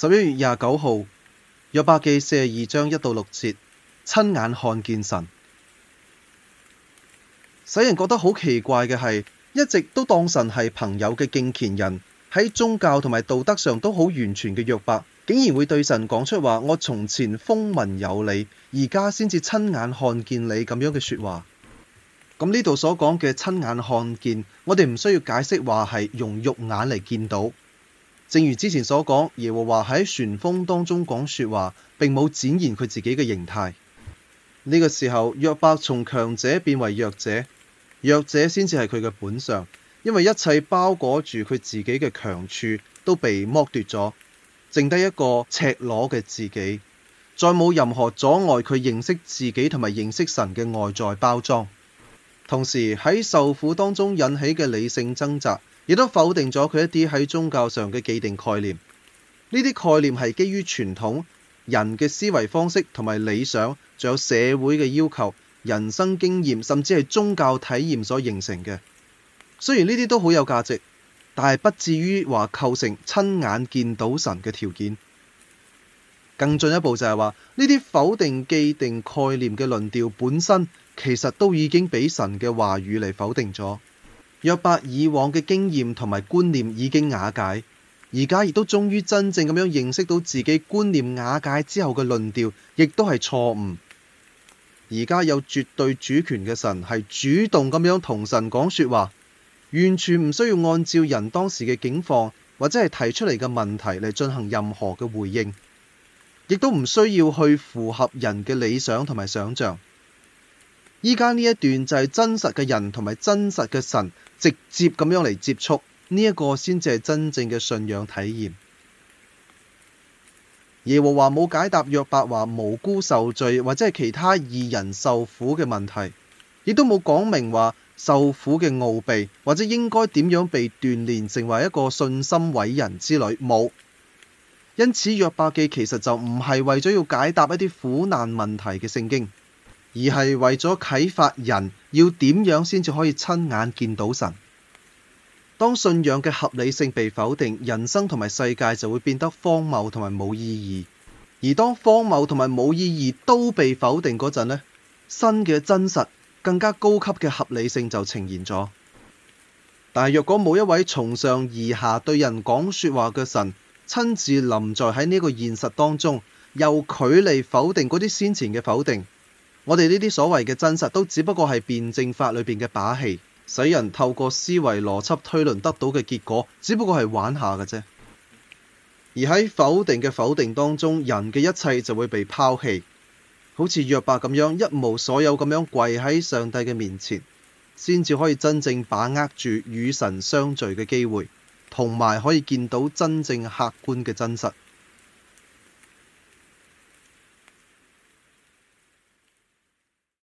十一月廿九號，約伯記四十二章一到六節，親眼看見神。使人覺得好奇怪嘅係，一直都當神係朋友嘅敬虔人，喺宗教同埋道德上都好完全嘅約伯，竟然會對神講出話：我從前風聞有你，而家先至親眼看見你咁樣嘅說話。咁呢度所講嘅親眼看見，我哋唔需要解釋話係用肉眼嚟見到。正如之前所講，耶和華喺旋風當中講説話，並冇展現佢自己嘅形態。呢個時候，約伯從強者變為弱者，弱者先至係佢嘅本相，因為一切包裹住佢自己嘅強處都被剝奪咗，剩低一個赤裸嘅自己，再冇任何阻礙佢認識自己同埋認識神嘅外在包裝。同時喺受苦當中引起嘅理性掙扎，亦都否定咗佢一啲喺宗教上嘅既定概念。呢啲概念係基於傳統，人嘅思維方式同埋理想，仲有社會嘅要求、人生經驗，甚至係宗教體驗所形成嘅。雖然呢啲都好有價值，但係不至於話構成親眼見到神嘅條件。更進一步就係話，呢啲否定既定概念嘅論調本身其實都已經俾神嘅話語嚟否定咗。約伯以往嘅經驗同埋觀念已經瓦解，而家亦都終於真正咁樣認識到自己觀念瓦解之後嘅論調，亦都係錯誤。而家有絕對主權嘅神係主動咁樣同神講説話，完全唔需要按照人當時嘅境況或者係提出嚟嘅問題嚟進行任何嘅回應。亦都唔需要去符合人嘅理想同埋想象。而家呢一段就係真實嘅人同埋真實嘅神直接咁樣嚟接觸，呢、這、一個先至係真正嘅信仰體驗。耶和華冇解答約伯話無辜受罪或者係其他義人受苦嘅問題，亦都冇講明話受苦嘅奧秘或者應該點樣被鍛煉成為一個信心偉人之類，冇。因此，約伯記其實就唔係為咗要解答一啲苦難問題嘅聖經，而係為咗啟發人要點樣先至可以親眼見到神。當信仰嘅合理性被否定，人生同埋世界就會變得荒謬同埋冇意義。而當荒謬同埋冇意義都被否定嗰陣呢，新嘅真實、更加高級嘅合理性就呈現咗。但係若果冇一位從上而下對人講說話嘅神，親自臨在喺呢個現實當中，又佢嚟否定嗰啲先前嘅否定，我哋呢啲所謂嘅真實，都只不過係辯證法裏邊嘅把戲，使人透過思維邏輯推論得到嘅結果，只不過係玩下嘅啫。而喺否定嘅否定當中，人嘅一切就會被拋棄，好似約伯咁樣一無所有咁樣跪喺上帝嘅面前，先至可以真正把握住與神相聚嘅機會。同埋可以見到真正客觀嘅真實。